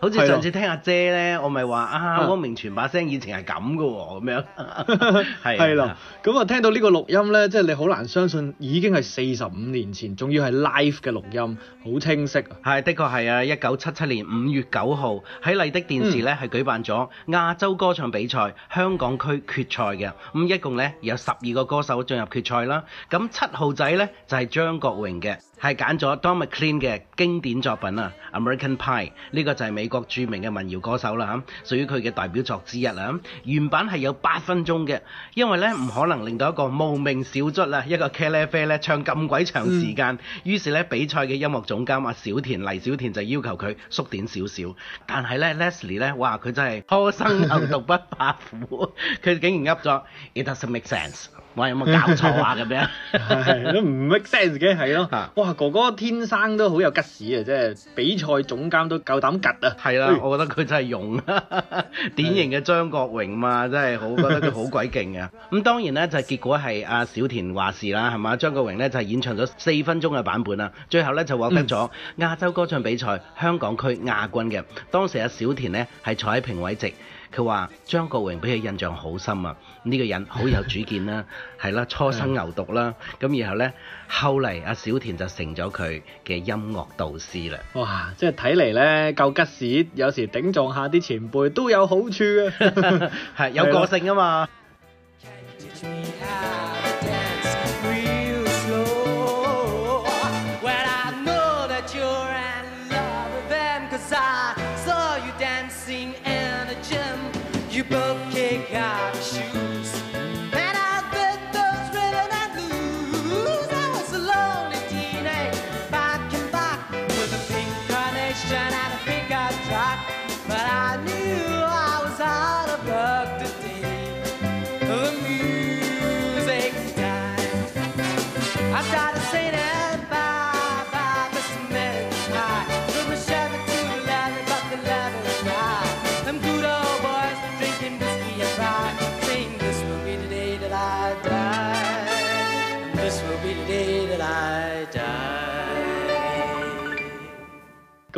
好似上次聽阿姐咧，的我咪話啊，嗰、啊、明荃把聲以前係咁嘅喎，咁樣，係係啦。咁啊、嗯、聽到個呢個錄音咧，即、就、係、是、你好難相信已經係四十五年前，仲要係 live 嘅錄音，好清晰啊！係，的確係啊！一九七七年五月九號，喺麗的電視咧係舉辦咗亞洲歌唱比賽香港區決賽嘅。咁一共咧有十二個歌手進入決賽啦。咁七號仔咧就係、是、張國榮嘅，係揀咗 Don McLean 嘅經典作品啊，《American Pie》呢個就係美。國著名嘅民謠歌手啦，嚇屬於佢嘅代表作之一啦。原版係有八分鐘嘅，因為咧唔可能令到一個無名小卒啦，一個茄喱啡咧唱咁鬼長時間。於是咧，比賽嘅音樂總監阿小田黎小田就要求佢縮短少少。但係咧 Leslie 咧，哇佢真係初生之犢不怕虎，佢竟然噏咗 It doesn't make sense，話有冇搞錯啊？咁樣都唔 make sense 嘅，係咯哇！哥哥天生都好有吉屎啊，即係比賽總監都夠膽吉啊！係啦，我覺得佢真係勇，典型嘅張國榮嘛，真係好， 覺得佢好鬼勁嘅。咁、嗯、當然咧，就結果係阿小田話事啦，係嘛？張國榮咧就演唱咗四分鐘嘅版本啦，最後咧就獲得咗亞洲歌唱比賽香港區亞軍嘅。當時阿小田咧係坐喺評委席。佢話張國榮俾佢印象好深啊！呢、這個人好有主見啦，啊，係啦， 初生牛犢啦，咁然後呢，後嚟阿小田就成咗佢嘅音樂導師啦。哇！即係睇嚟呢，夠吉士有時頂撞下啲前輩都有好處啊，係 有個性啊嘛～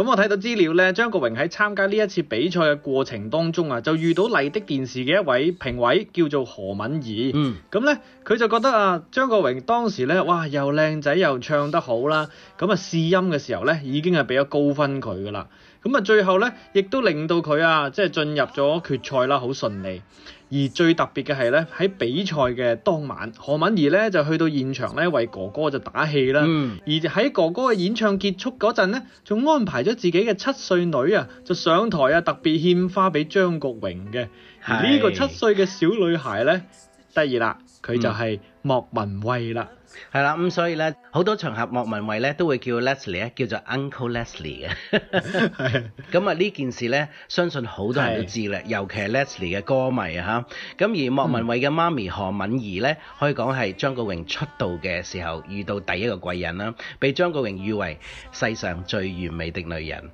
咁我睇到資料咧，張國榮喺參加呢一次比賽嘅過程當中啊，就遇到麗的電視嘅一位評委叫做何敏儀。嗯，咁咧佢就覺得啊，張國榮當時咧，哇，又靚仔又唱得好啦。咁啊試音嘅時候咧，已經係俾咗高分佢噶啦。咁啊最後咧，亦都令到佢啊，即係進入咗決賽啦，好順利。而最特別嘅係咧，喺比賽嘅當晚，何敏儀咧就去到現場咧為哥哥就打氣啦。嗯、而喺哥哥嘅演唱結束嗰陣咧，仲安排咗自己嘅七歲女啊，就上台啊特別獻花俾張國榮嘅。是而呢個七歲嘅小女孩咧，得意啦，佢、嗯、就係、是。莫文蔚啦，係啦，咁、嗯、所以咧，好多場合莫文蔚咧都會叫 Leslie，叫做 Uncle Leslie 嘅。 咁啊，呢件事咧，相信好多人都知啦， 尤其係 Leslie 嘅歌迷啊，咁而莫文蔚嘅媽咪何敏儀咧，可以講係張國榮出道嘅時候遇到第一個貴人啦，被張國榮譽為世上最完美的女人。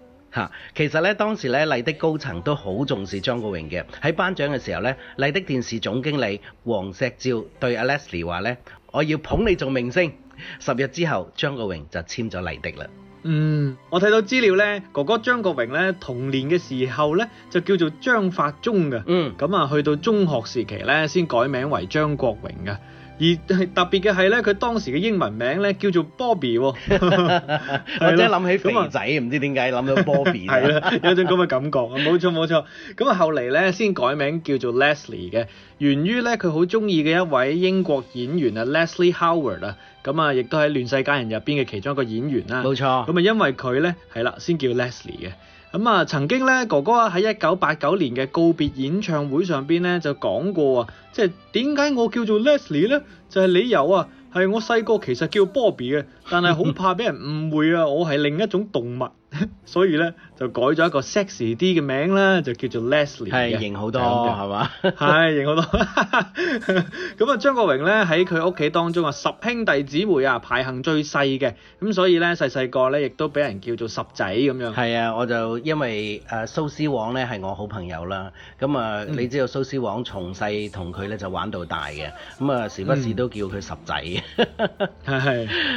其實咧，當時咧麗的高層都好重視張國榮嘅。喺頒獎嘅時候咧，麗的電視總經理黃錫照對 Leslie 話咧：我要捧你做明星。十日之後，張國榮就簽咗麗的啦。嗯，我睇到資料咧，哥哥張國榮咧，童年嘅時候咧就叫做張發宗嘅。嗯，咁啊，去到中學時期咧，先改名為張國榮嘅。而特別嘅係咧，佢當時嘅英文名咧叫做 Bobby，或者諗起肥仔唔 知點解諗到 Bobby，係啦，有種咁嘅感覺。冇錯冇錯，咁啊 後嚟咧先改名叫做 Leslie 嘅，源於咧佢好中意嘅一位英國演員啊 Leslie Howard 啊，咁啊亦都喺《亂世佳人》入邊嘅其中一個演員啦。冇錯。咁啊因為佢咧係啦，先叫 Leslie 嘅。咁啊，曾經咧，哥哥喺一九八九年嘅告別演唱會上邊咧，就講過啊，即係點解我叫做 Leslie 咧，就係理由啊。係、哎、我細個其實叫 Bobby 嘅，但係好怕俾人誤會啊！我係另一種動物， 所以咧就改咗一個 sexy 啲嘅名啦，就叫做 Leslie。係型好多係嘛？係型好多。咁啊，張是吧 國榮咧喺佢屋企當中啊，十兄弟姊妹啊，排行最細嘅，咁所以咧細細個咧亦都俾人叫做十仔咁樣。係啊，我就因為誒蘇、啊、斯王咧係我好朋友啦，咁啊、嗯、你知道蘇斯王從細同佢咧就玩到大嘅，咁啊時不時都叫佢十仔。嗯係，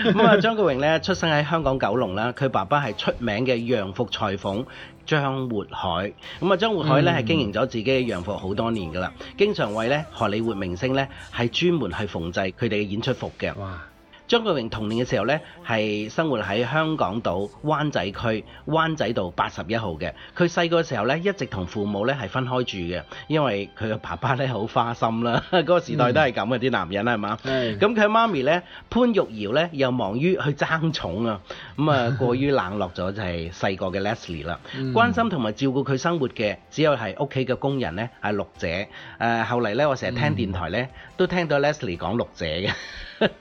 咁啊， 張國榮咧出生喺香港九龍啦，佢爸爸係出名嘅洋服裁縫張活海，咁啊張活海咧係經營咗自己嘅洋服好多年噶啦，經常為咧荷里活明星咧係專門去縫製佢哋嘅演出服嘅。哇張國榮童年嘅時候呢，係生活喺香港島灣仔區灣仔道八十一號嘅。佢細個嘅時候呢，一直同父母呢係分開住嘅，因為佢嘅爸爸呢好花心啦，嗰 個時代都係咁嘅啲男人係嘛？咁佢、嗯、媽咪呢，潘玉瑤呢，又忙於去爭寵啊，咁、嗯、啊過於冷落咗就係細個嘅 Leslie 啦。嗯、關心同埋照顧佢生活嘅只有係屋企嘅工人呢，係、啊、六姐。誒、呃、後嚟呢，我成日聽電台呢，嗯、都聽到 Leslie 講六姐嘅。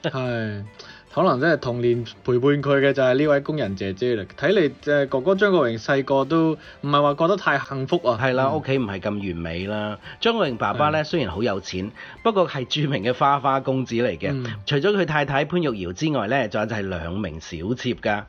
係， 可能真係童年陪伴佢嘅就係、是、呢位工人姐姐啦。睇嚟誒，哥哥張國榮細個都唔係話覺得太幸福啊，係啦、嗯，屋企唔係咁完美啦。張國榮爸爸咧、嗯、雖然好有錢，不過係著名嘅花花公子嚟嘅。嗯、除咗佢太太潘玉瑤之外咧，仲有就係兩名小妾噶。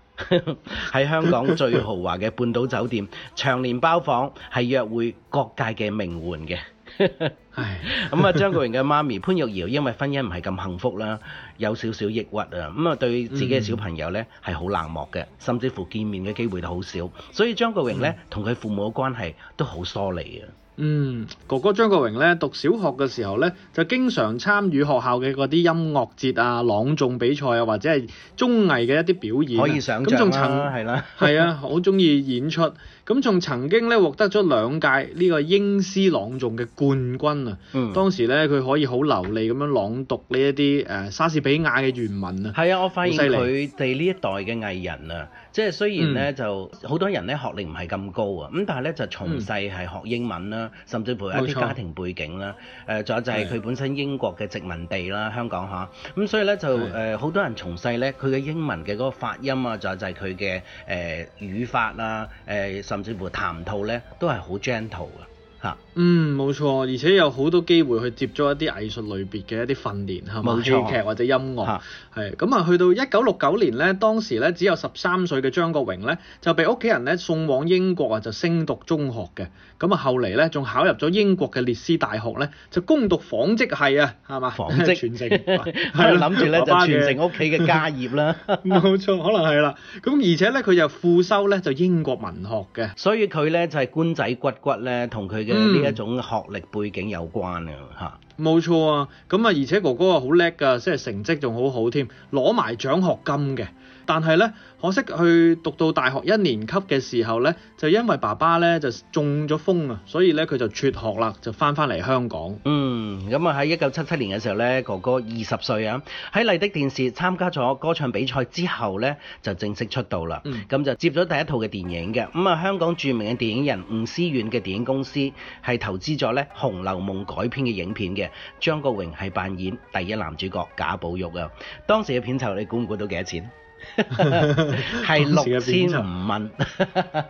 喺 香港最豪華嘅半島酒店， 長年包房係約會各界嘅名媛嘅。係，咁啊，張國榮嘅媽咪潘玉瑤因為婚姻唔係咁幸福啦，有少少抑鬱啊，咁啊，對自己嘅小朋友呢係好冷漠嘅，甚至乎見面嘅機會都好少，所以張國榮呢，同佢父母嘅關係都好疏離啊。嗯，哥哥張國榮呢，讀小學嘅時候呢，就經常參與學校嘅嗰啲音樂節啊、朗誦比賽啊，或者係綜藝嘅一啲表演，可以想象啦，係曾是啦，係 啊，我好中意演出。咁仲曾經咧獲得咗兩屆呢個英詩朗誦、嗯、朗讀嘅冠軍啊，當時咧佢可以好流利咁樣朗讀呢一啲誒莎士比亞嘅原文啊。係啊，我發現佢哋呢一代嘅藝人啊，即係雖然咧、嗯、就好多人咧學歷唔係咁高啊，咁但係咧就從細係學英文啦，嗯、甚至乎一啲家庭背景啦，誒仲錯、呃、有就係佢本身英國嘅殖民地啦，香港嚇，咁的、嗯、所以咧就誒好、呃、的多人從細咧佢嘅英文嘅嗰個發音啊，仲有就係佢嘅誒語法啦。誒、呃呃甚至乎談吐咧都係好 gentle 嘅嚇。嗯，冇錯，而且有好多機會去接觸一啲藝術類別嘅一啲訓練，嚇，冇錯，劇或者音樂，係咁啊。去到一九六九年呢，當時呢，只有十三歲嘅張國榮呢，就被屋企人呢送往英國啊，就升讀中學嘅。咁啊，後嚟呢，仲考入咗英國嘅列斯大學呢，就攻讀紡織係啊，係嘛？紡織全職，係諗住呢，就傳承屋企嘅家業啦。冇錯，可能係啦。咁而且呢，佢又副修呢，就英國文學嘅，所以佢呢，就係官仔骨骨呢，同佢嘅。一、嗯、種學歷背景有關、嗯、啊，吓，冇錯啊！咁啊，而且哥哥啊好叻、啊、噶，即係成績仲好好添，攞埋獎學金嘅。但係咧，可惜去讀到大學一年級嘅時候咧，就因為爸爸咧就中咗風啊，所以咧佢就輟學啦，就翻返嚟香港。嗯，咁啊喺一九七七年嘅時候咧，哥哥二十歲啊，喺麗的電視參加咗歌唱比賽之後咧，就正式出道啦。咁、嗯、就接咗第一套嘅電影嘅咁啊，香港著名嘅電影人吳思遠嘅電影公司係投資咗咧《紅樓夢》改編嘅影片嘅，張國榮係扮演第一男主角賈寶玉啊。當時嘅片酬你估唔估到幾多錢？係六千五蚊。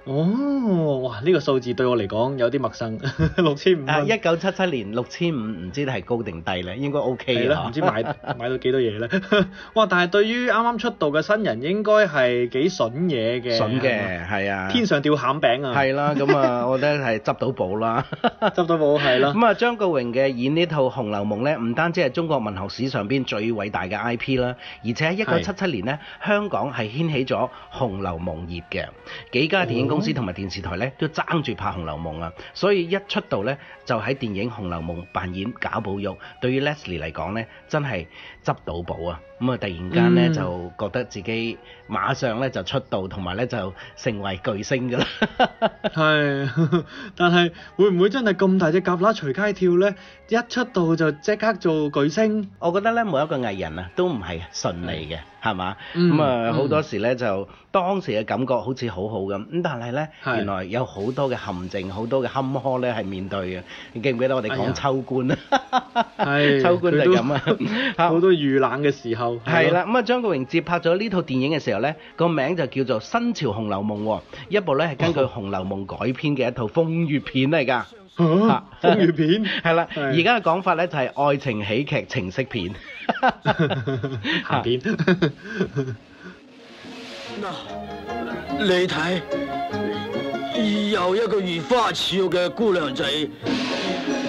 哦， 哇！呢、呢個數字對我嚟講有啲陌生。六千五。一九七七年六千五，唔知係高定低該、OK、 呢？應該 OK 啦，唔知買買到幾多嘢呢？哇！但係對於啱啱出道嘅新人，應該係幾筍嘢嘅。筍嘅係啊。天上掉餡餅啊！係 啦，咁啊，我覺得係執到寶啦。執 到寶係啦。咁啊，張國榮嘅演呢套《紅樓夢》呢，唔單止係中國文學史上邊最偉大嘅 IP 啦，而且一九七七年呢。香。 香港係掀起咗《紅樓夢》熱嘅，幾家電影公司同埋電視台咧都爭住拍《紅樓夢》啊，所以一出道咧就喺電影《紅樓夢》扮演賈寶玉，對於 Leslie 嚟講咧真係執到寶啊！咁啊！突然間咧，就覺得自己馬上咧就出道，同埋咧就成為巨星噶啦。係，但係會唔會真係咁大隻蛤乸隨街跳咧？一出道就即刻做巨星？我覺得咧，每一個藝人啊，都唔係順利嘅，係嘛？咁啊，好多時咧、嗯、就～當時嘅感覺好似好好咁，咁但係呢，原來有好多嘅陷阱，好多嘅坎坷呢係面對嘅。你記唔記得我哋講秋官？啊、哎？秋官就咁啊！好多遇冷嘅時候。係啦，咁啊、嗯、張國榮接拍咗呢套電影嘅時候，呢個名就叫做《新潮紅樓夢》，一部呢係根據《紅樓夢》改編嘅一套風月片嚟㗎。啊、風月片。係啦，而家嘅講法呢就係愛情喜劇情色片。嗱、啊，你睇，又一個如花似玉嘅姑娘仔，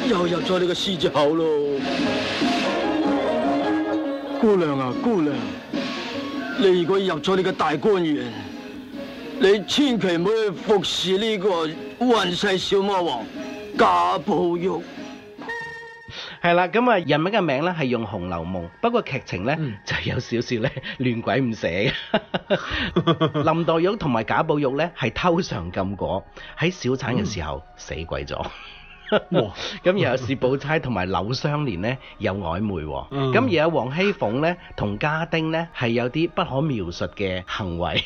又入咗你個獅子口咯！姑娘啊，姑娘，你如果入咗你個大觀園，你千祈唔好去服侍呢個混世小魔王賈寶玉。係啦，咁啊，人物嘅名咧係用《紅樓夢》，不過劇情咧就有少少咧亂鬼唔捨嘅。 林黛玉同埋賈寶玉咧係偷嘗禁果，喺小產嘅時候死鬼咗。咁 又有薛寶釵同埋柳湘蓮咧有曖昧，咁而 有王熙鳳咧同家丁咧係有啲不可描述嘅行為，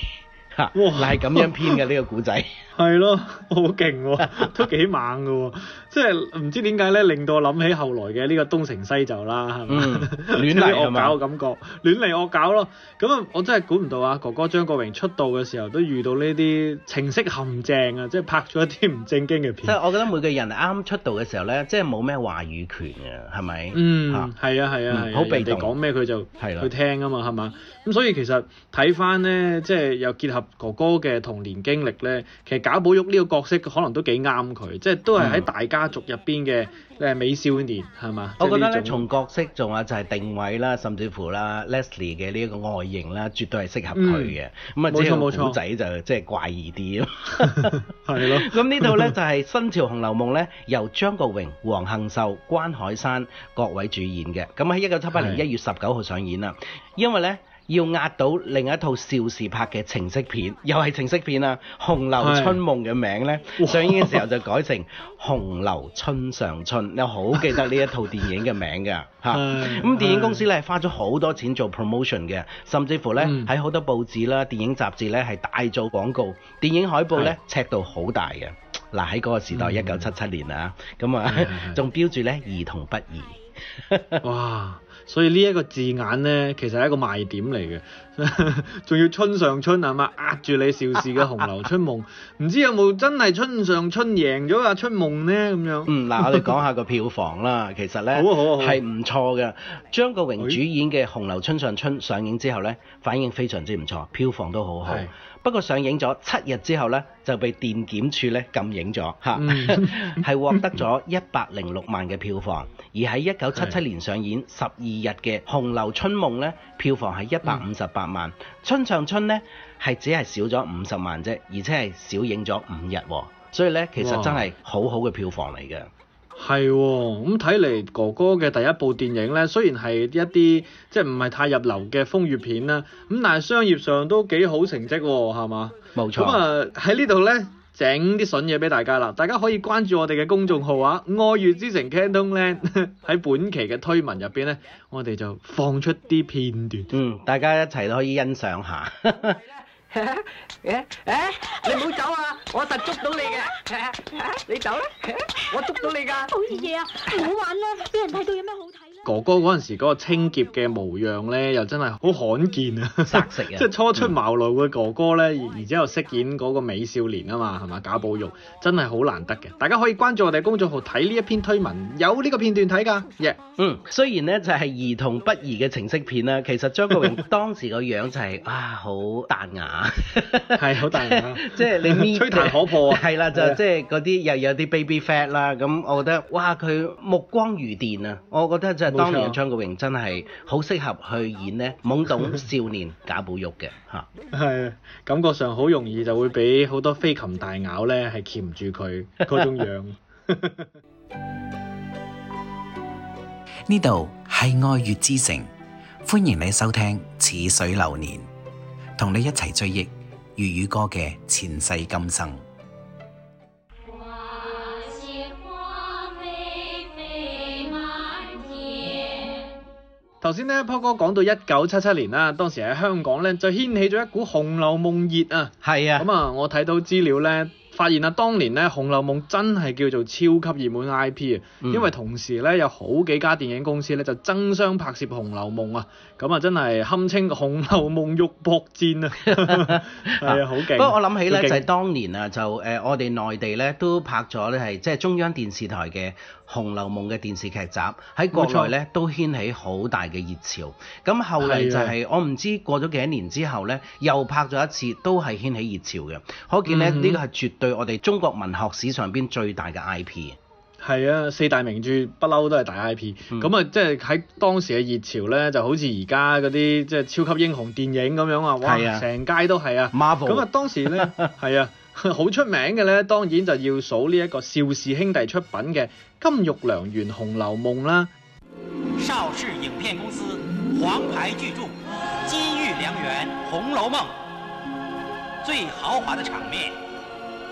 嗱 哇，係咁 樣編嘅呢、這個古仔。係 咯，好勁喎、哦，都幾猛嘅喎、哦。即係唔知點解咧，令到我諗起後來嘅呢個東成西就啦，係嘛？亂嚟惡搞嘅感覺，亂嚟惡搞咯。咁啊，我真係估唔到啊！哥哥張國榮出道嘅時候都遇到呢啲情色陷阱啊，即係拍咗一啲唔正經嘅片。即係我覺得每個人啱出道嘅時候咧，即係冇咩話語權啊，係咪？嗯，係啊，係啊，係啊。好、啊啊嗯、被動，講咩佢就係去聽啊嘛，係嘛、啊？咁、啊、所以其實睇翻咧，即係又結合哥哥嘅童年經歷咧，其實賈寶玉呢個角色可能都幾啱佢，即、就、係、是、都係喺大家、嗯。家族入邊嘅誒美少年係嘛？我覺得咧，從角色仲有就係定位啦，甚至乎啦，Leslie 嘅呢一個外形啦，絕對係適合佢嘅。咁啊、嗯，只有古仔就即係怪異啲咯。係咯。咁、嗯、呢套咧就係、是《新紅樓夢》咧，由張國榮、黃杏秀、關海山各位主演嘅。咁喺一九七八年一月十九號上演啦。因為咧，要壓到另一套邵氏拍嘅情色片，又係情色片啊。《紅樓春夢》嘅名呢，是上映嘅時候就改成《紅樓春上春》，我好 記得呢一套電影嘅名㗎吓。咁電影公司咧花咗好多錢做 promotion 嘅，甚至乎呢，喺好、嗯、多報紙啦、電影雜誌呢，係大做廣告，電影海報呢，尺度好大嘅。嗱喺嗰個時代，一九七七年啊，咁啊仲標住呢「兒童不宜」。哇！所以呢一個字眼呢，其實係一個賣點嚟嘅，仲 要春上春係嘛，壓住你邵氏嘅《紅樓春夢》？唔 知有冇真係春上春贏咗啊《春夢》呢，咁樣？嗯，嗱我哋講下個票房啦， 其實呢係唔錯嘅。張國榮主演嘅《紅樓春上春》上映之後呢，反應非常之唔錯，票房都好好。不過上映咗七日之後呢就被電檢處咧禁影咗，嚇，係獲得咗一百零六萬嘅票房。而喺一九七七年上演十二日嘅《紅樓春夢》咧，票房係一百五十八萬，嗯，《春上春》呢，係只係少咗五十萬啫，而且係少影咗五日，所以呢，其實真係好好嘅票房嚟嘅。係喎，咁睇嚟哥哥嘅第一部電影咧，雖然係一啲即係唔係太入流嘅風月片啦，咁但係商業上都幾好成績喎，哦，係嘛？冇錯。咁啊喺呢度咧整啲筍嘢俾大家啦，大家可以關注我哋嘅公眾號啊，愛粵之城 CantonLand 喺 本期嘅推文入邊咧，我哋就放出啲片段，嗯，大家一齊都可以欣賞下。 誒誒， 你唔好走啊！我實捉到你嘅， 你走啦！啊！我捉到你噶，好似嘢啊！唔好玩啦，俾人睇到有咩好睇？哥哥嗰陣時嗰個清潔嘅模樣咧，又真係好罕見啊！ 即係初出茅廬嘅哥哥咧，然之後飾演嗰個美少年啊嘛，係嘛？賈寶玉真係好難得嘅，大家可以關注我哋公眾號睇呢一篇推文，有呢個片段睇㗎。Yeah、嗯，雖然咧就係、是、兒童不宜嘅情色片啦，其實張國榮當時個樣就係啊好彈牙，係好彈牙。」即係你面，吹彈可破啊，係啦，就即係嗰啲又有啲 baby fat 啦，咁我覺得哇佢目光如電啊，我覺得就是、～當年嘅張國榮真係好適合去演咧懵懂少年賈寶玉嘅吓，係 感覺上好容易就會俾好多飛禽大咬咧，係鉗住佢嗰種樣。呢度係愛粵之城，歡迎你收聽《似水流年》，同你一齊追憶粵語歌嘅前世今生。頭先咧，Paul 哥講到一九七七年啦，當時喺香港咧就掀起咗一股《紅樓夢》熱啊。係啊，咁啊、嗯，我睇到資料咧。發現啊，當年咧《紅樓夢》真係叫做超級熱門 IP、嗯、因為同時咧有好幾家電影公司咧就爭相拍攝《紅樓夢》啊，咁啊真係堪稱《紅樓夢》肉搏戰啊！係啊，好勁、啊！不過我諗起咧就係當年啊，就誒我哋內地咧都拍咗咧係即係中央電視台嘅《紅樓夢》嘅電視劇集，喺國內咧都掀起好大嘅熱潮。咁錯、啊、後嚟就係我唔知過咗幾多年之後咧，又拍咗一次，都係掀起熱潮嘅，可見咧呢個係絕對、嗯。對我哋中國文學史上邊最大嘅 I P，係啊，四大名著不嬲都係大 I P，咁啊、嗯，即係喺當時嘅熱潮咧，就好似而家嗰啲即係超級英雄電影咁樣啊，哇，成、啊、街都係啊，Marvel，咁啊，當時咧係啊，好出名嘅咧，當然就要數呢一個邵氏兄弟出品嘅《金玉良緣·紅樓夢》啦。邵氏影片公司，皇牌巨著《金玉良緣·紅樓夢》，最豪華嘅場面。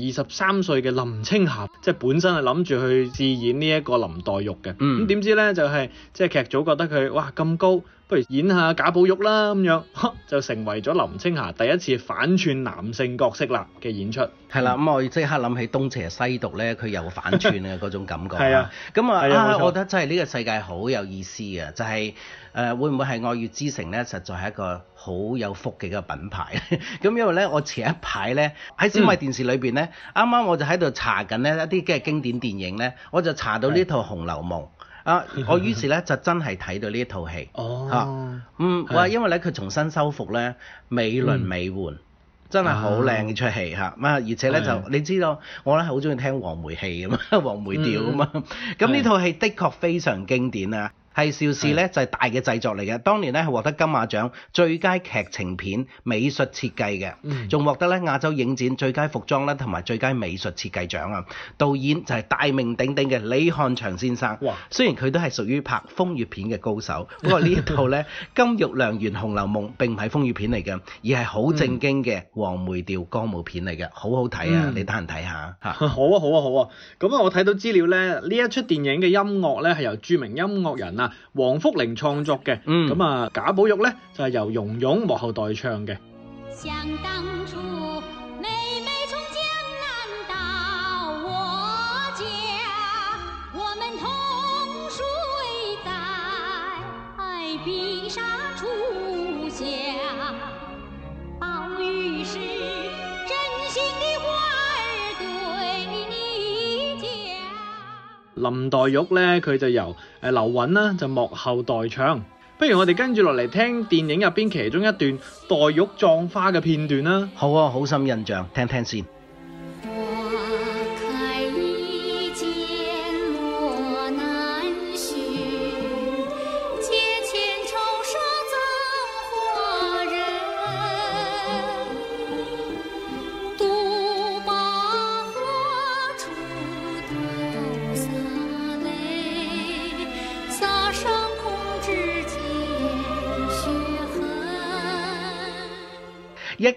二十三歲嘅林青霞，即係本身係諗住去試演呢一個林黛玉嘅，咁點、嗯、知咧就係、是、即係劇組覺得佢哇咁高。不如演下賈寶玉啦咁樣，就成為咗林青霞第一次反串男性角色啦嘅演出。係啦，咁我即刻諗起《東邪西毒》咧，佢又反串嘅嗰種感覺。係啊，咁啊，我覺得真係呢個世界好有意思啊，就係誒會唔會係愛粵之城咧？實在係一個好有福嘅嘅品牌。咁因為咧，我前一排咧喺小米電視裏邊咧，啱啱我就喺度查緊呢一啲嘅經典電影咧，我就查到呢套《紅樓夢》。啊！我於是咧就真係睇到呢一套戲，嚇、哦啊，嗯，哇是！因為咧佢重新修復咧，美輪美奐，嗯、真係好靚嘅出戲嚇，乜、啊、而且咧是就你知道，我咧好中意聽黃梅戲㗎嘛，黃梅調咁、嗯、啊，咁、嗯、呢、啊、套戲的確非常經典啊。係邵氏咧就係大嘅製作嚟嘅，當年咧係獲得金馬獎最佳劇情片美術設計嘅，仲獲得咧亞洲影展最佳服裝啦同埋最佳美術設計獎啊！導演就係大名鼎鼎嘅李翰祥先生。哇！雖然佢都係屬於拍風月片嘅高手，不過呢一套咧《金玉良緣紅樓夢》並唔係風月片嚟嘅，而係好正經嘅黃梅調歌舞片嚟嘅，好好睇啊！你得閒睇下吓。好啊好啊好啊！咁啊，我睇到資料咧，呢一出電影嘅音樂咧係由著名音樂人。啊，王福齡創作嘅，嗯，咁啊，賈寶玉咧就係、是、由蓉蓉幕後代唱嘅。想當初妹妹從江南到我我家，我們同睡在碧林黛玉呢，佢就由誒劉韻呢，就幕後代唱。不如我哋跟住落嚟聽電影入邊其中一段黛玉葬花嘅片段啦。好啊，好深印象，聽聽先。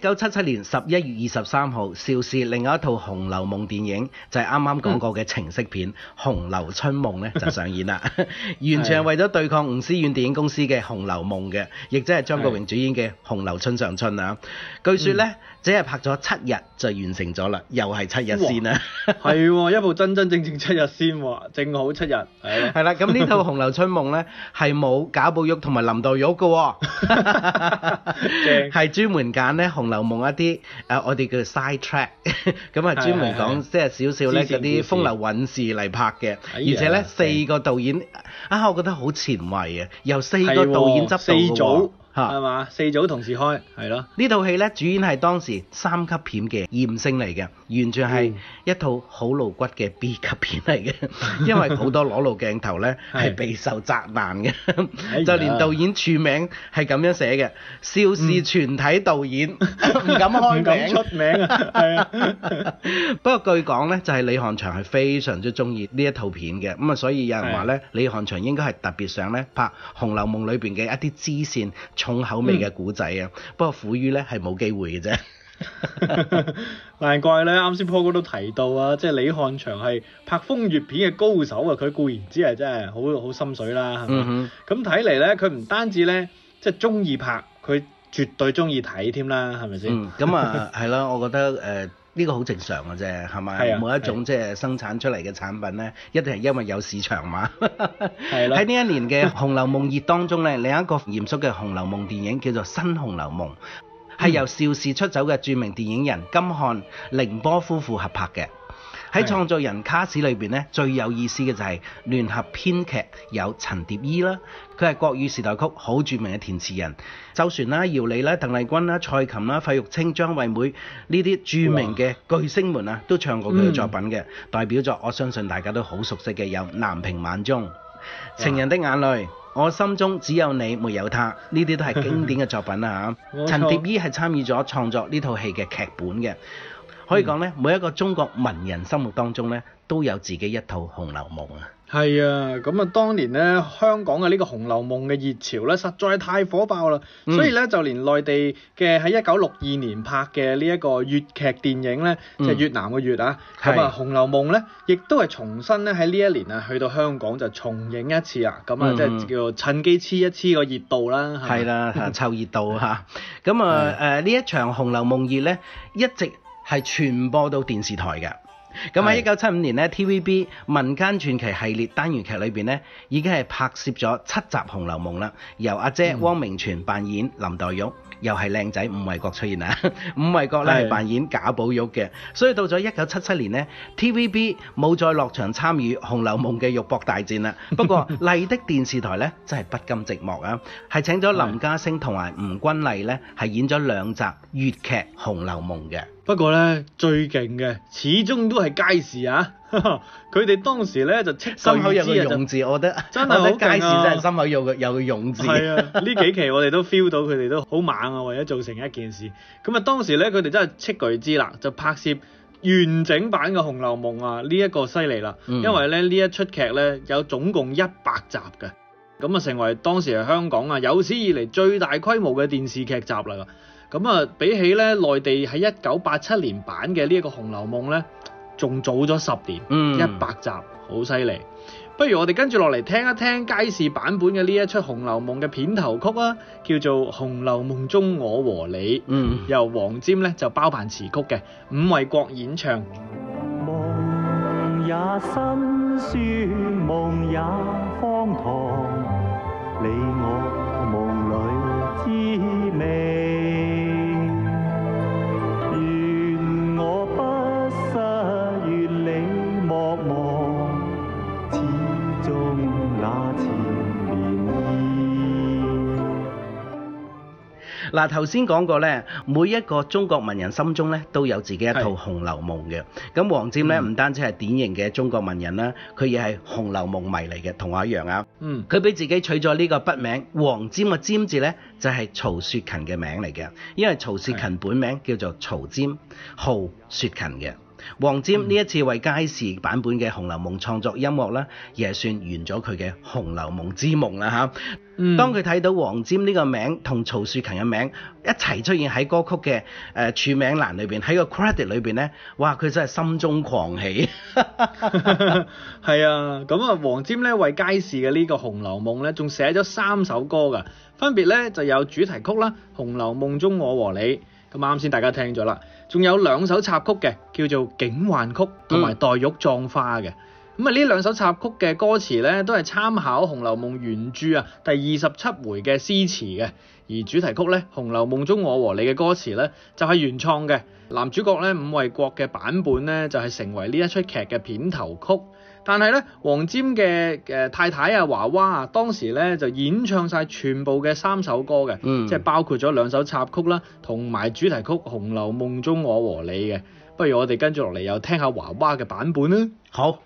一九七七年十一月二十三號，邵氏，另外一套《紅樓夢》電影就係啱啱講過嘅情色片嗯、《紅樓春夢》咧就上演啦， 完全係為咗對抗吳思遠電影公司嘅《紅樓夢》嘅，亦即係張國榮主演嘅《紅樓春上春》啊。據說咧。嗯即係拍咗七日就完成咗啦，又係七日先啦。係喎，一部真真正正七日先喎，正好七日。係啦，咁呢套《紅樓春夢》呢，係冇賈寶玉同埋林黛玉嘅喎，係專門揀呢《紅樓夢》一啲誒我哋叫做 side track，咁啊專門講即係少少呢啲風流韻事嚟拍嘅，而且呢，四個導演啊，我覺得好前衞啊，由四個導演執導嘅嚇，係嘛？四組同時開，係咯。呢套戲咧， 主演係當時三級片嘅艷星嚟嘅。完全係一套好露骨嘅 B 級片嚟嘅，因為好多裸露鏡頭呢係備受責難嘅，的 就連導演署名係咁樣寫嘅，邵氏、嗯、全體導演唔、嗯、 敢開名，出名、啊、 不過據講呢，就係、是、李漢祥係非常之中意呢一套片嘅，咁啊，所以有人話呢，的李漢祥應該係特別想呢拍《紅樓夢》裏邊嘅一啲支線重口味嘅古仔啊，嗯、不過苦於呢，係冇機會嘅啫。 難怪咧，啱先 Po 哥都提到、嗯哼 嗯、啊，即係李翰祥係拍風月片嘅高手啊，佢固然之係真係好好心水啦。嗯咁睇嚟咧，佢唔單止咧，即係中意拍，佢絕對中意睇添啦，係咪先？咁啊，係啦，我覺得誒，呢、呃這個好正常嘅啫，係咪？係、啊、每一種即係生產出嚟嘅產品咧，一定係因為有市場嘛。係啦。喺呢一年嘅《紅樓夢二》熱當中咧，另一個嚴肅嘅《紅樓夢》電影叫做《新紅樓夢》。係由邵氏出走嘅著名電影人金漢、凌波夫婦合拍嘅。喺的創造人卡士裏邊咧，最有意思嘅就係聯合編劇有陳蝶衣啦，佢係國語時代曲好著名嘅填詞人，周璇啦、啊、姚莉啦、啊、鄧麗君啦、啊、蔡琴啦、啊、費玉清、張惠妹呢啲著名嘅巨星們啊，都唱過佢嘅作品嘅。哇代表作我相信大家都好熟悉嘅有《南屏晚鐘》、《情人的眼淚》哇。我心中只有你，沒有他。呢啲都係經典嘅作品啊。嚇。陳蝶衣係參與咗創作呢套戲嘅劇本嘅，可以講咧，嗯、每一個中國文人心目當中咧，都有自己一套《紅樓夢》啊。係啊，咁、嗯、啊，嗯嗯、當年咧香港嘅呢個《紅樓夢》嘅熱潮咧實在太火爆啦，所以咧就連內地嘅喺一九六二年拍嘅呢一個粵劇電影咧，即係越南嘅越啊，咁啊、嗯《紅樓夢》咧亦都係重新咧喺呢一年啊去到香港就重映一次啊，咁啊即係叫趁機黐一黐個熱度啦，係啦，湊熱、啊、度吓，咁 啊誒呢、啊、一場紅夢呢《紅樓夢》熱咧一直係傳播到電視台嘅。咁喺一九七五年呢 t v b 民間傳奇系列單元劇裏邊呢，已經係拍攝咗七集《紅樓夢》啦。由阿姐汪明荃扮演林黛玉，又係靚仔伍衛國出現啦。伍衛國咧扮演賈寶玉嘅。所以到咗一九七七年呢 t v b 冇再落場參與《紅樓夢》嘅肉搏大戰啦。不過麗的電視台呢，真係不甘寂寞啊，係請咗林家聲同埋吳君麗呢，係演咗兩集粵劇《紅樓夢》嘅。不過咧，最勁嘅始終都係佳視啊！佢哋當時咧就斥心口有個勇字，就我覺得真係好、啊、佳視，真啊！心口有個有個勇字，係 啊！呢幾期我哋都 feel 到佢哋都好猛啊，為咗做成一件事。咁、嗯、啊， 當時咧佢哋真係斥巨資啦，就拍攝完整版嘅《紅樓夢》啊！呢、這、一個犀利啦，因為咧呢一出劇咧有總共一百集嘅，咁啊成為當時喺香港啊有史以嚟最大規模嘅電視劇集嚟㗎。咁啊，比起咧，內地喺一九八七年版嘅呢一個《紅樓夢》咧，仲早咗十年，嗯、一百集，好犀利。不如我哋跟住落嚟聽一聽佳視版本嘅呢一出《紅樓夢》嘅片頭曲啊，叫做《紅樓夢中我和你》，嗯、由黃霑咧就包辦詞曲嘅，伍衛國演唱。夢也心酸，夢也荒唐。你嗱，頭先講過咧，每一個中國文人心中咧都有自己一套紅《紅樓夢》嘅。咁黃霑咧唔單止係典型嘅中國文人啦，佢亦係《紅樓夢》迷嚟嘅，同我一樣啊。嗯，佢俾自己取咗呢個筆名，黃霑嘅霑字咧就係，是，曹雪芹嘅名嚟嘅，因為曹雪芹本名叫做曹霑，號雪芹嘅。黃霑呢一次為佳視版本嘅《紅樓夢》創作音樂啦，而係、嗯、算圓咗佢嘅《紅樓夢之夢》啦嚇、嗯。當佢睇到黃霑呢個名同曹雪芹嘅名一齊出現喺歌曲嘅誒署名欄裏邊，喺個 credit 裏邊咧，哇！佢真係心中狂喜。係 啊，咁啊，黃霑咧為佳視嘅呢、呢個《紅樓夢》咧，仲寫咗三首歌㗎，分別咧就有主題曲啦，《紅樓夢中我和你》，咁啱先大家聽咗啦。仲有兩首插曲嘅，叫做《警幻曲》同埋《黛玉葬花》嘅。咁啊、嗯，呢兩首插曲嘅歌詞咧，都係參考《紅樓夢》原著啊第二十七回嘅詩詞嘅。而主題曲咧，《紅樓夢中我和你》嘅歌詞咧就係、是、原創嘅。男主角咧，伍衛國嘅版本咧就係、是、成為呢一出劇嘅片頭曲。但係咧，黃霑嘅誒太太啊，華娃啊，當時咧就演唱晒全部嘅三首歌嘅，嗯、即係包括咗兩首插曲啦，同埋主題曲《紅樓夢中我和你》嘅。不如我哋跟住落嚟又聽，聽下華娃嘅版本啦。好。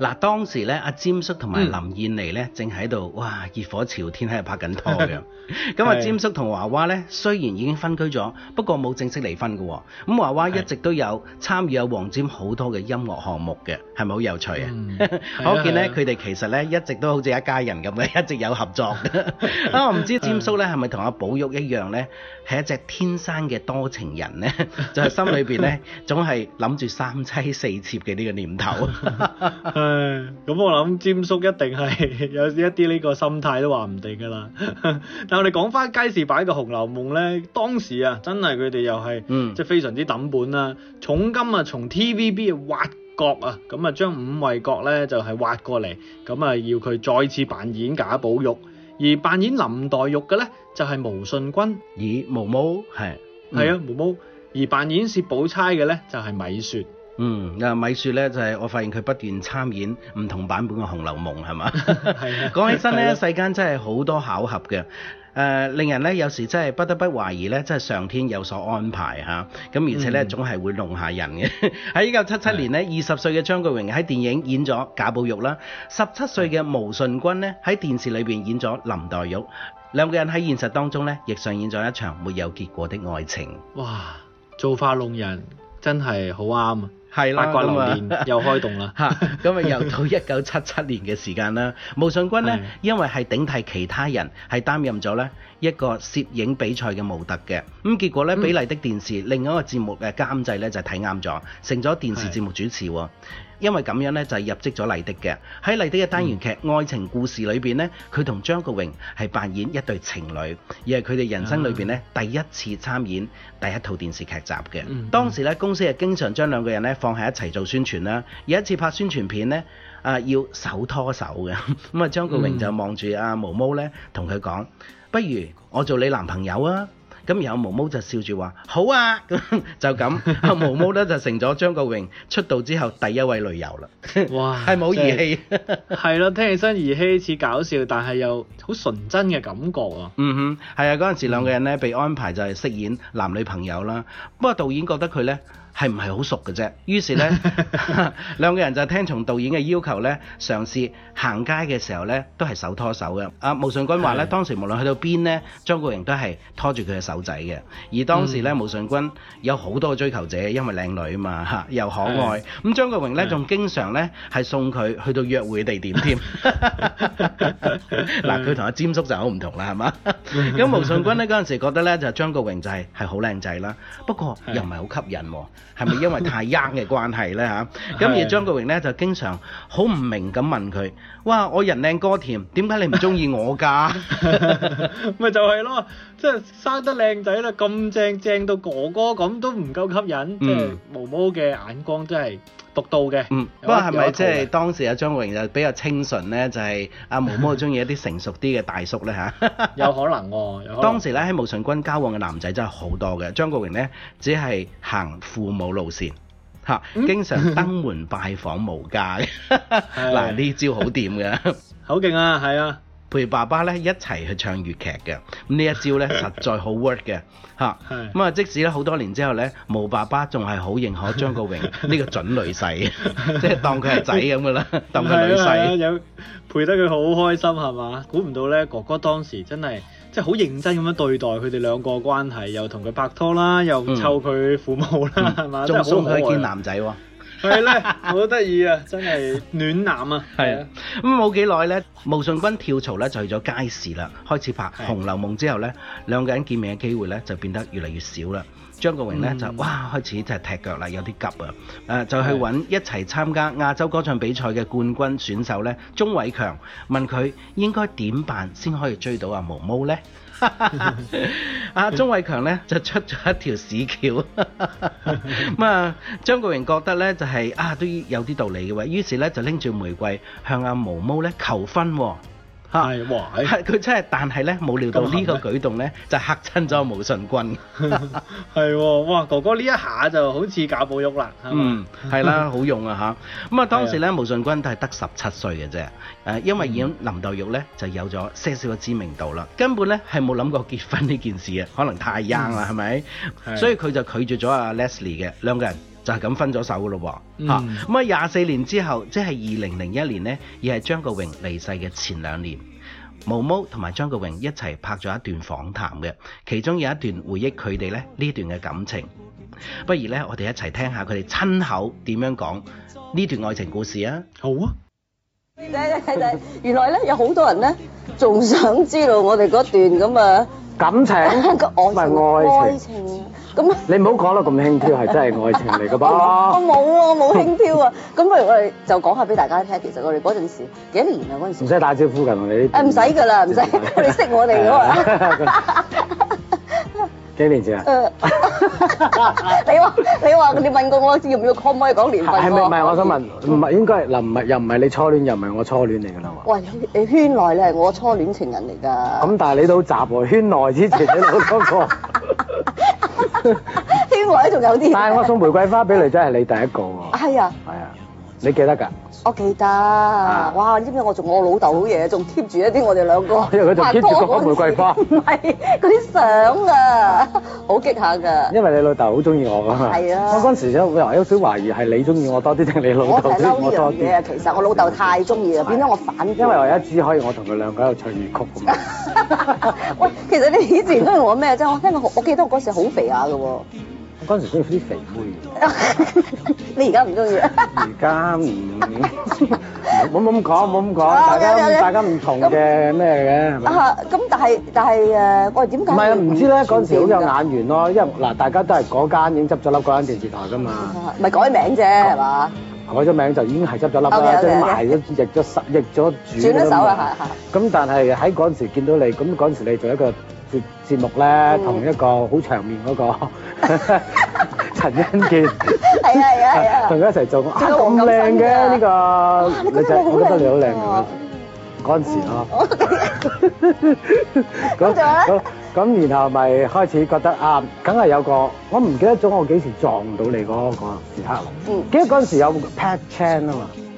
嗱，當時咧，阿、啊、霑叔同埋林燕妮咧，正喺度，哇，熱火朝天喺度拍緊拖嘅。咁 是的 啊，霑叔同華娃咧，雖然已經分居咗，不過冇正式離婚嘅、哦。咁華娃一直都有是的 參與阿黃霑好多嘅音樂項目嘅，係咪好有趣啊？嗯、 可見咧呢，佢哋是的 其實咧一直都好似一家人咁嘅，一直有合作。啊， 我唔知霑叔咧係咪同阿寶玉一樣咧，係一隻天生嘅多情人咧， 就係心裏邊咧總係諗住三妻四妾嘅呢個念頭。 咁我諗詹叔一定係 有一啲呢個心態都話唔定噶啦。 但係我哋講翻街市版嘅《紅樓夢》咧，當時啊，真係佢哋又係、嗯、即係非常之抌本啦、啊。重金啊，從 TVB 挖角啊，咁啊將五位角咧就係、是、挖過嚟，咁啊要佢再次扮演賈寶玉，而扮演林黛玉嘅咧就係毛舜筠，以毛毛係係啊毛、嗯、毛，而扮演薛寶釵嘅咧就係、是、米雪。嗯，嗱，米雪咧就係、是、我發現佢不斷參演唔同版本嘅《紅樓夢》，係嘛？講 起身咧， 對了 世間真係好多巧合嘅。誒、呃，令人咧有時真係不得不懷疑咧，真係上天有所安排嚇。咁、啊、而且咧，總係會弄下人嘅。喺一九七七年呢，二十是的 歲嘅張國榮喺電影演咗賈寶玉啦，十七歲嘅毛舜筠呢，喺電視裏邊演咗林黛玉。兩個人喺現實當中咧，亦上演咗一場沒有結果的愛情。哇！造化弄人，真係好啱。係啦，似水流年又開動啦、 啊。嚇，咁啊又到一九七七年嘅時間啦。毛 舜筠呢，的因為係頂替其他人，係擔任咗呢一個攝影比賽嘅模特嘅。咁結果呢，比例的電視、嗯、另一個節目嘅監製呢，就睇啱咗，成咗電視節目主持。因為咁樣咧就係、是、入職咗麗的嘅，喺麗的嘅單元劇愛情故事裏邊咧，佢同張國榮係扮演一對情侶，而係佢哋人生裏邊咧、嗯、第一次參演第一套電視劇集嘅。嗯、當時咧公司係經常將兩個人咧放喺一齊做宣傳啦，有一次拍宣傳片咧，啊、呃、要手拖手嘅，咁 啊張國榮就望住阿毛毛咧同佢講，不如我做你男朋友啊。咁然後毛毛就笑住話：好啊，咁 就咁樣。 毛毛咧就成咗張國榮出道之後第一位女友啦。 哇！係冇兒戲，係咯是， 聽起身兒戲似搞笑，但係又好純真嘅感覺啊。嗯哼，係啊，嗰陣時兩個人咧、嗯、被安排就係飾演男女朋友啦。不過導演覺得佢咧。係唔係好熟嘅啫？於是呢，兩個人就聽從導演嘅要求呢，嘗試行街嘅時候呢，都係手拖手嘅。阿、啊、毛舜筠話呢，的當時無論去到邊呢，張國榮都係拖住佢嘅手仔嘅。而當時呢，嗯、毛舜筠有好多追求者，因為靚女啊嘛，嚇又可愛。咁的、嗯、張國榮呢，仲經常呢，係送佢去到約會地點添。嗱、啊，佢同阿詹叔就好唔同啦，係嘛？咁毛舜筠呢，嗰陣時覺得呢，就張國榮就係係好靚仔啦，不過又唔係好吸引喎。係咪 因為太 young 嘅關係呢？嚇、啊？咁而張國榮呢，就經常好唔明咁問佢：「哇！我人靚歌甜，點解你唔中意我㗎？咪就係咯。即係生得靚仔啦，咁正正到哥哥咁都唔夠吸引，即係、嗯、毛毛嘅眼光真係獨到嘅。嗯、是不過係咪即係當時阿張國榮就比較清純呢，就係、是、阿毛毛中意一啲成熟啲嘅大叔呢。嚇 、啊？有可能喎。當時呢喺毛舜筠交往嘅男仔真係好多嘅，張國榮呢，只係行父母路線，嚇、啊，嗯、經常登門拜訪毛家。嗱 的，呢招好掂嘅，好勁 啊，係啊！陪爸爸咧一齊去唱粵劇嘅，咁呢一招咧實在好 work 嘅，嚇、 嗯。咁啊，即使咧好多年之後咧，毛爸爸仲係好認可張國榮呢個準女婿， 即係當佢係仔咁噶啦，當佢女婿。 啊啊、陪得佢好開心係嘛？估唔到咧，哥哥當時真係即係好認真咁樣對待佢哋兩個關係，又同佢拍拖啦，又湊佢父母啦，係嘛、嗯？真係好可愛嘅男仔喎。 係咧，好得意啊！真係暖男啊！係啊，咁冇幾耐咧，毛舜筠跳槽咧就去咗佳視啦，開始拍《紅樓夢》之後咧，的兩個人見面嘅機會咧就變得越嚟越少啦。張國榮咧就、mm. 哇，開始就係踢腳啦，有啲急啊！誒、呃，就去揾一齊參加亞洲歌唱比賽嘅冠軍選手咧，鍾偉強，問佢應該點辦先可以追到阿毛毛呢？阿鍾偉強呢就出咗一條屎橋，咁 啊張國榮覺得呢就係、是、啊都有啲道理嘅話，於是呢就拎住玫瑰向阿、啊、毛毛呢求婚、哦。係、嗯，哇！佢、欸、真係，但係咧冇料到呢個舉動咧就嚇親咗毛舜筠，係哇哥哥呢一下就好似賈寶玉啦，嗯，係啦吧， 好用啊吓咁啊！當時咧毛舜筠都係得十七歲嘅啫，誒，因為演林黛玉咧就有咗些少嘅知名度啦，根本咧係冇諗過結婚呢件事嘅，可能太 young 啦，係咪？所以佢就拒絕咗阿 Leslie 嘅兩個人。就係咁分咗手噶咯喎，吓咁、嗯、啊廿四年之後，即係二零零一年呢，亦係張國榮離世嘅前兩年，毛毛同埋張國榮一齊拍咗一段訪談嘅，其中有一段回憶佢哋咧呢段嘅感情，不如咧我哋一齊聽下佢哋親口點樣講呢段愛情故事啊！好啊， 原來咧有好多人咧仲想知道我哋嗰段咁啊！感情，唔係愛情。愛情咁，你唔好講得咁輕佻，係真係愛情嚟噶噃。我冇啊，我冇輕佻啊。咁不如我哋就講下俾大家聽，其實我哋嗰陣時幾年啊嗰陣時。唔使打招呼嘅，你呢？誒唔使噶啦，唔使， 你識我哋噶嘛。 幾年前啊？你話你話你問過我要唔要可唔可以講年份？係咪唔係我想問？唔係應該嗱唔係又唔係你初戀又唔係我初戀嚟㗎啦喎？喂，你圈內你係我初戀情人嚟㗎。咁但係你都好雜喎，圈內之前你好多個。圈外仲有啲。但係我送玫瑰花俾女仔係你第一個喎。係啊。係啊，你記得㗎？我記得，哇！知唔知我仲我老豆好嘢，仲 keep 住一啲我哋兩個，因為佢仲 keep 住個玫瑰花，唔係嗰啲相啊，好激下噶。因為你老豆好中意我噶嘛，我嗰陣時有有少少懷疑係你中意我多啲定你老豆中意我多啲。嘢啊，其實我老豆太中意啊，變咗我反。因為有一支可以我同佢兩個喺度唱粵曲。咁喂，其實你以前都講咩啊？即我聽我，我記得嗰時好肥下嘅喎。嗰陣時中意啲肥妹，你而家唔中意？而家唔冇冇咁講，冇咁講，大家大家唔同嘅咩嘅。嚇，咁但係但係誒，我點解？唔係啊，唔知咧。嗰陣時好有眼緣咯，因為嗱大家都係嗰間已經執咗笠嗰間電視台噶嘛，唔係改名啫係嘛？改咗名就已經係執咗笠啦，即係賣咗、易咗、易咗主，轉咗手啦，係係。咁但係喺嗰陣時見到你，咁嗰陣時你做一個，節節目咧，同一個好場面嗰個陳欣健，係啊係啊，同佢一齊做咁靚嘅呢個女仔，我覺得你好靚嘅嗰陣時呵。咁咁然後咪開始覺得啊，梗係有個我唔記得咗我幾時撞到你嗰個時刻。記得嗰陣時有 Pat Chan 啊嘛。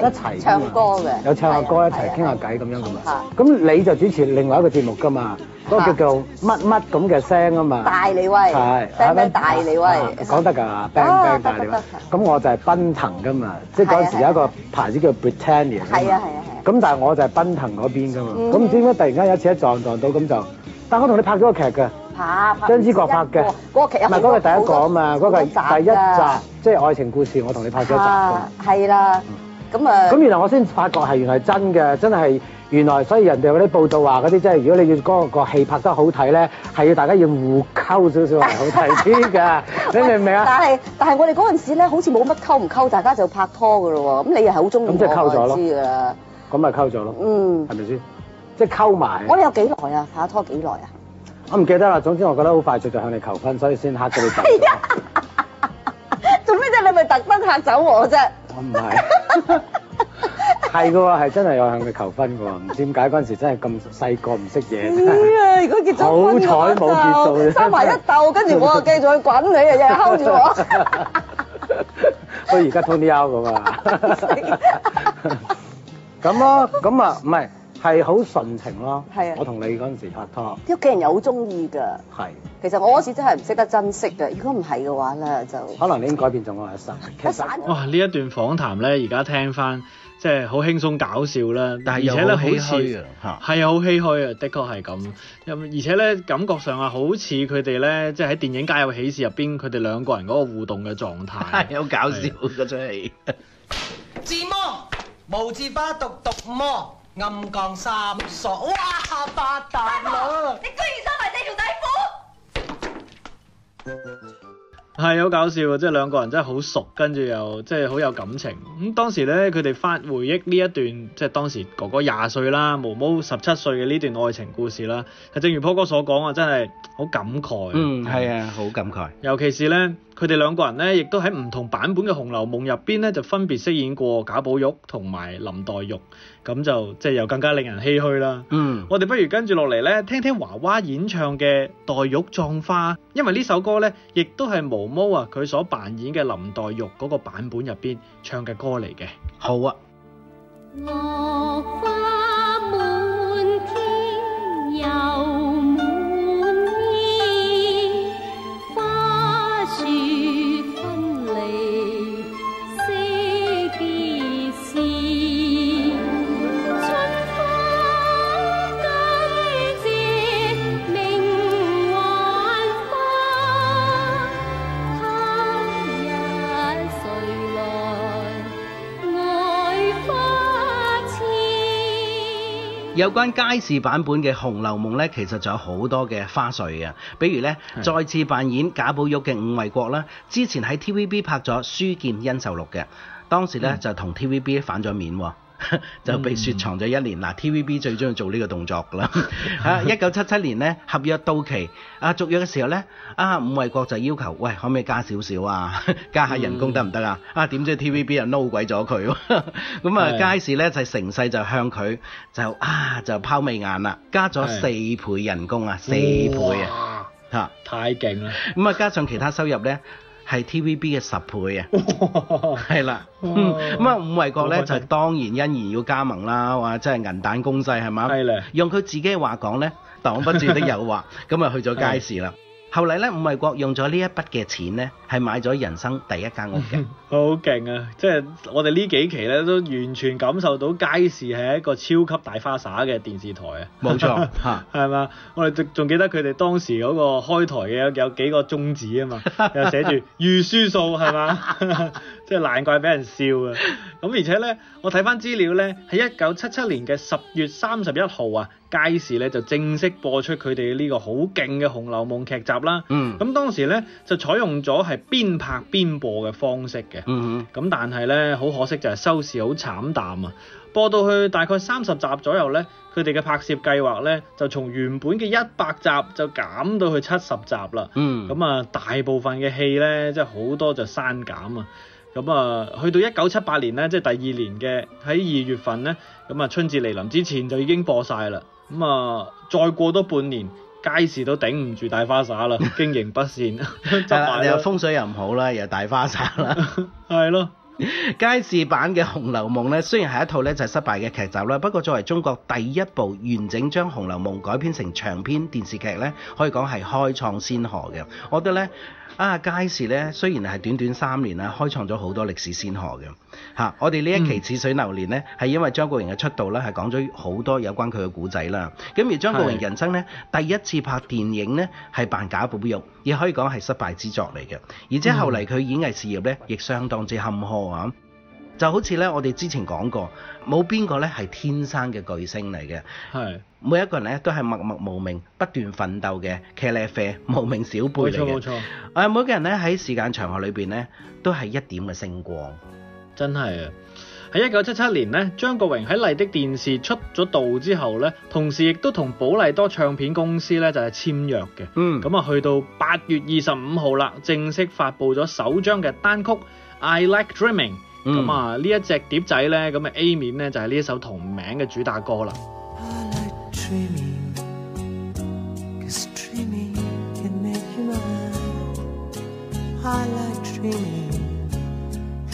一齊唱歌嘅，有唱下歌一齊傾下偈咁樣咁嘛。咁你就主持另外一個節目㗎嘛，嗰個叫做乜乜咁嘅聲啊嘛。大李威。係，係咪大李威？講得㗎，Bang Bang 大李威。咁我就係奔騰㗎嘛，即係嗰陣時有一個牌子叫 Britannia。係啊係啊係。咁但係我就係奔騰嗰邊㗎嘛，咁唔知點解突然間有一次一撞撞到咁就，但係我同你拍咗個劇㗎。拍。張之國拍嘅。嗰個劇唔係嗰個第一個啊嘛，嗰個係第一集即係愛情故事，我同你拍咗一集。係啦。咁啊！咁、嗯、原來我先發覺係原來真嘅，真係原來所以人哋嗰啲報道話嗰啲，即係如果你要嗰、嗰個戲拍得好睇咧，係要大家要互溝少少話好睇啲㗎。 你明唔明啊？但係但係我哋嗰陣時咧，好似冇乜溝唔溝，大家就拍拖㗎咯喎。咁你又係好中意咁我先知啊？咁咪溝咗咯，嗯，係咪先？即係溝埋。我哋有幾耐啊？拍拖幾耐啊？我唔記得啦。總之我覺得好快脆就向你求婚，所以先嚇咗你做咩啫？你咪特登嚇走我啫？ 唔係，係嘅喎，係真係要向佢求婚嘅喎，唔知點解嗰陣時真係咁細個唔識嘢，好彩冇見到，收埋一竇，跟住我啊繼續去滾你啊，日日睺住我，佢而家 Tony out 咁啊，咁咯，咁啊唔係。係好純情咯，的我同你嗰陣時拍拖，屋企人又好中意㗎。係的，其實我嗰時真係唔識得珍惜㗎。如果唔係嘅話咧，就可能你已經改變咗我一生。 其實哇，呢一段訪談咧，而家聽翻，即係好輕鬆搞笑啦。但係而且咧好似像，啊、嗯，係啊，好唏噓啊，的確係咁。而且咧，感覺上啊，好似佢哋咧，即係喺電影起入《家有喜事》入邊，佢哋兩個人嗰個互動嘅狀態係好 搞笑嗰出戲。自摸的， 無智花毒毒，毒魔。暗光三索，哇，八蛋佬，你居然收埋四條底褲？係好搞笑啊！即係兩個人真係好熟，跟住又即係好有感情。咁、嗯、當時咧，佢哋翻回憶呢一段，即係當時哥哥廿歲啦，毛毛十七歲嘅呢段愛情故事啦。係正如波哥所講啊，真係好感慨。嗯，係啊，好、嗯、感慨。尤其是咧。佢哋兩個人咧，亦都喺唔同版本嘅《紅樓夢》入邊咧，就分別飾演過賈寶玉同埋林黛玉，咁就即係又更加令人唏噓啦。嗯，我哋不如跟住落嚟咧，聽聽華娃演唱嘅《黛玉葬花》，因為呢首歌咧，亦都係毛毛啊佢所扮演嘅林黛玉嗰個版本入邊唱嘅歌嚟嘅。好啊。落花滿天有有關佳視版本嘅《紅樓夢》呢，其實仲有好多嘅花絮嘅、啊，比如呢，是的 再次扮演賈寶玉嘅伍衛國啦，之前喺 TVB 拍咗《書劍恩仇錄》嘅，當時呢、嗯、就同 TVB 反咗面喎、啊。 就被雪藏咗一年。嗱，TVB 最中意做呢個動作啦。啊，一九七七年呢，合約到期，啊續約嘅時候呢，啊伍衛國就要求，喂，可唔可以加少少啊？ 加下人工得唔得啊？啊點知 TVB 啊 no 鬼咗佢咁啊，佳視呢就成世就向佢就啊就拋媚眼啦，加咗四倍人工啊，四、嗯、倍啊，嚇哇太勁啦！咁 啊、嗯，加上其他收入呢。 係 TVB 嘅十倍啊！係啦、哦，咁啊伍衛國咧、嗯、就當然欣然要加盟啦，哇！即係銀彈攻勢係嘛？係的用佢自己嘅話講呢，擋不住的誘惑，咁啊 去咗街市啦。的後嚟呢，伍衛國用咗呢一筆嘅錢呢，係買咗人生第一間屋嘅。 好勁啊！即係我哋呢幾期咧，都完全感受到佳視係一個超級大花灑嘅電視台啊！冇錯，嚇係嘛？我哋仲記得佢哋當時嗰個開台嘅有，有幾個宗旨啊嘛，又寫住預輸數係嘛， 即係難怪俾人笑啊！咁而且咧，我睇翻資料咧，喺一九七七年嘅十月三十一號啊，佳視咧就正式播出佢哋呢個好勁嘅《紅樓夢》劇集啦。咁、嗯、當時咧就採用咗係邊拍邊播嘅方式嘅。嗯，咁但係咧，好可惜就係收視好慘淡啊！播到去大概三十集左右咧，佢哋嘅拍攝計劃咧就從原本嘅一百集就減到去七十集啦。嗯，咁啊，大部分嘅戲咧，即係好多就刪減啊。咁啊，去到一九七八年咧，即係第二年嘅喺二月份咧，咁啊春節嚟臨之前就已經播晒啦。咁啊，再過多半年。街市都頂唔住大花灑啦，經營不善，就係你又風水又唔好啦，又大花灑啦，係咯。街市版嘅《紅樓夢》呢，雖然係一套呢就係失敗嘅劇集啦，不過作為中國第一部完整將《紅樓夢》改編成長篇電視劇呢，可以講係開創先河嘅。我覺得呢，啊街市呢，雖然係短短三年啦，開創咗好多歷史先河嘅。嚇、啊！我哋呢一期似水流年呢，係因為張國榮嘅出道咧，係講咗好多有關佢嘅故仔啦。咁而張國榮人生呢，是的 第一次拍電影呢，係扮賈寶玉，亦可以講係失敗之作嚟嘅。而且後嚟佢演藝事業呢，亦相當之坎坷啊！就好似呢，我哋之前講過，冇邊個呢係天生嘅巨星嚟嘅。係。是的 每一個人呢都係默默無名、不斷奮鬥嘅茄喱啡無名小輩嚟嘅。冇錯冇錯。誒，每一個人呢，喺時間長河裏邊呢，都係一點嘅星光。真係啊！喺一九七七年呢，張國榮喺麗的電視出咗道之後呢，同時亦都同寶麗多唱片公司呢，就係簽約嘅。嗯，咁啊，去到八月二十五號啦，正式發布咗首張嘅單曲《I Like Dreaming》。咁、嗯、啊，呢一隻碟仔呢，咁嘅 A 面呢，就係呢一首同名嘅主打歌啦。I like dreaming,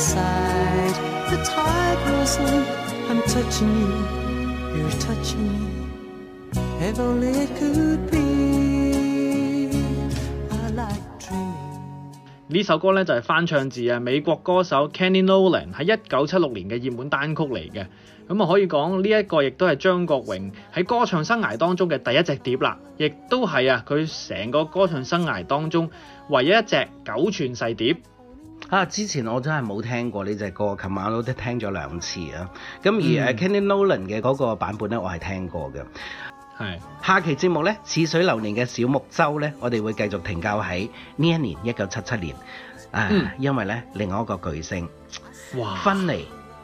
呢首歌咧就係、是、翻唱自啊美國歌手 Kenny Nolan 喺一九七六年嘅熱門單曲嚟嘅，咁啊可以講呢一個亦都係張國榮喺歌唱生涯當中嘅第一隻碟啦，亦都係啊佢成個歌唱生涯當中唯一一隻九寸細碟。啊！之前我真係冇聽過呢隻歌，琴晚我都聽咗兩次啊。咁而 Kenny Nolan 嘅嗰個版本咧，我係聽過嘅。係是。下期節目咧，《似水流年》嘅小木舟咧，我哋會繼續停教喺呢一年一九七七年。啊，嗯、因為咧，另外一個巨星薰妮哇哇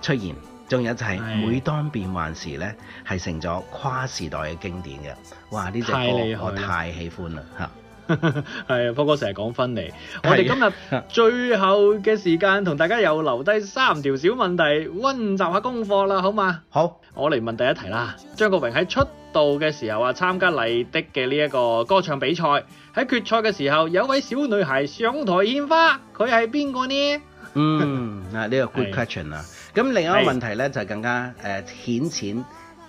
出現，仲有就係每當變幻時咧，係成咗跨時代嘅經典嘅。哇！呢隻歌太我太喜歡啦嚇。啊係 啊，波哥成日講分離。啊、我哋今日最後嘅時間同大家又留低三條小問題溫習下功課啦，好嘛？好，我嚟問第一題啦。張國榮喺出道嘅時候啊，參加麗的嘅呢一個歌唱比賽，喺決賽嘅時候有位小女孩上台獻花，佢係邊個呢？ 嗯，啊呢、這個 good question 啊 是。咁另外一個問題呢，就係、更加誒顯淺，誒，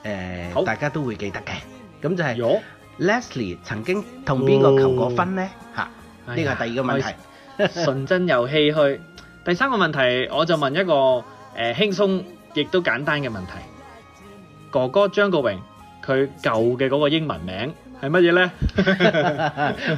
呃呃、好大家都會記得嘅。咁就係、是。Leslie 曾經同邊個求過婚呢？嚇，呢個係第二個問題。純真遊戲去。第三個問題，我就問一個誒輕鬆亦都簡單嘅問題。哥哥張國榮佢舊嘅嗰個英文名係乜嘢呢？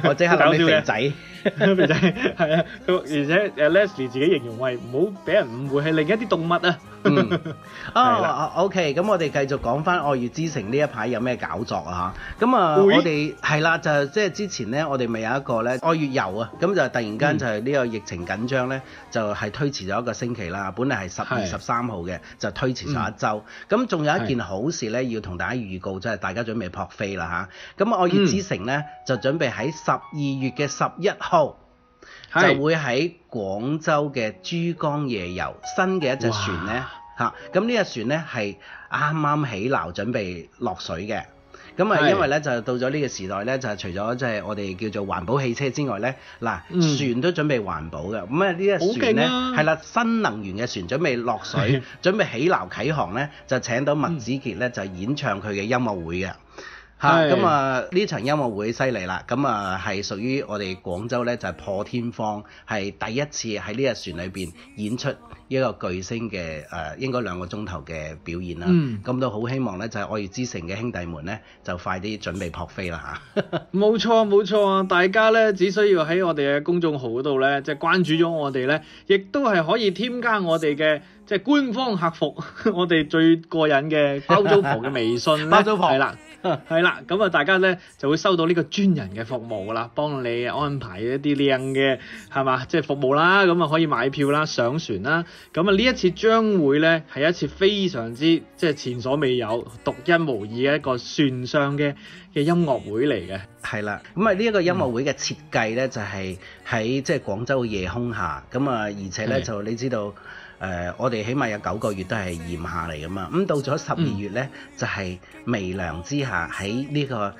我即刻諗起肥仔，肥仔係啊！而且誒 Leslie 自己形容話唔好俾人誤會係另一啲動物啊！嗯啊，OK，咁我哋繼續講翻愛粵之城呢一排有咩搞作啊吓，咁啊喂我哋係啦，就即、是、係之前呢，我哋咪有一個咧愛粵遊啊，咁就突然間、嗯、就呢個疫情緊張呢，就係、是、推遲咗一個星期啦，本嚟係十二十三號嘅，是就推遲咗一周。咁仲、嗯、有一件好事呢，要同大家預告，即、就、係、是、大家準備撲飛啦吓。咁、啊、愛粵之城呢，就準備喺十二月嘅十一號。嗯嗯是就會喺廣州嘅珠江夜遊新嘅一隻船咧嚇，咁哇、啊、呢隻船咧係啱啱起錨準備落水嘅。咁啊是，因為咧就到咗呢個時代咧，就係除咗即係我哋叫做環保汽車之外咧，嗱、啊嗯、船都準備環保嘅。咁啊呢隻船咧係啦，新能源嘅船準備落水，的準備起錨啓航咧，就請到麥子杰咧就演唱佢嘅音樂會嘅。嚇咁 啊！呢場音樂會犀利啦，咁啊係屬於我哋廣州呢，就係破天荒係第一次喺呢隻船裏邊演出一個巨星嘅誒、呃，應該兩個鐘頭嘅表演啦。咁都好希望呢，就係愛粵之城嘅兄弟們呢，就快啲準備撲飛啦嚇！冇、啊、 錯冇錯啊！大家呢，只需要喺我哋嘅公眾號嗰度呢，即係關注咗我哋呢，亦都係可以添加我哋嘅即係官方客服， 我哋最過癮嘅包租婆嘅微信咧，係啦。係啦，咁啊 大家咧就會收到呢個專人嘅服務啦，幫你安排一啲靚嘅係嘛，即係、就是、服務啦，咁啊可以買票啦、上船啦，咁啊呢一次將會咧係一次非常之即係、就是、前所未有、獨一無二嘅一個船上嘅。嘅音樂會嚟嘅，係啦，咁啊！呢一個音樂會嘅設計呢，就係喺即係廣州嘅夜空下咁啊，而且呢，的就你知道誒、呃，我哋起碼有九個月都係炎下嚟㗎嘛，咁、嗯、到咗十二月呢，就係、是、微涼之下喺呢、這個。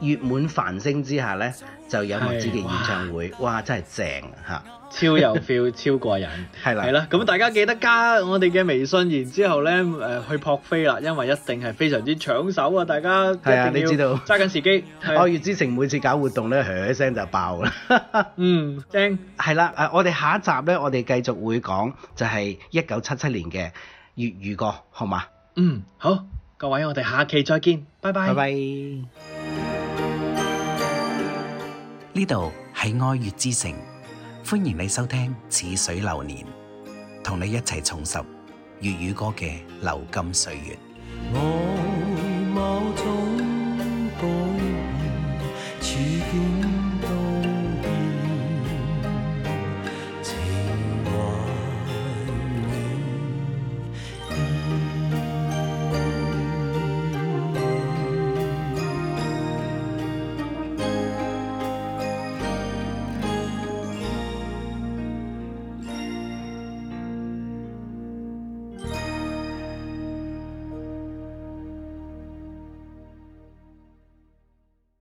月滿繁星之下呢，就有麥子杰演唱會，哇，哇！真係正吓、啊，超有 feel， 超過癮，係啦的，係啦。 咁大家記得加我哋嘅微信，然之後咧，誒、呃，去撲飛啦，因為一定係非常之搶手啊！大家係啊，你知道揸緊時機。愛、哦、粵之城每次搞活動咧，噓一聲就爆啦。 嗯，正係啦。誒、啊，我哋下一集呢，我哋繼續會講，就係一九七七年嘅粵語歌，好嘛？嗯，好。各位，我哋下期再見，bye bye 拜拜。呢度係愛粵之城，歡迎你收聽《似水流年》，同你一齊重拾粵語歌嘅流金歲月。哦